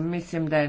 Mislim da je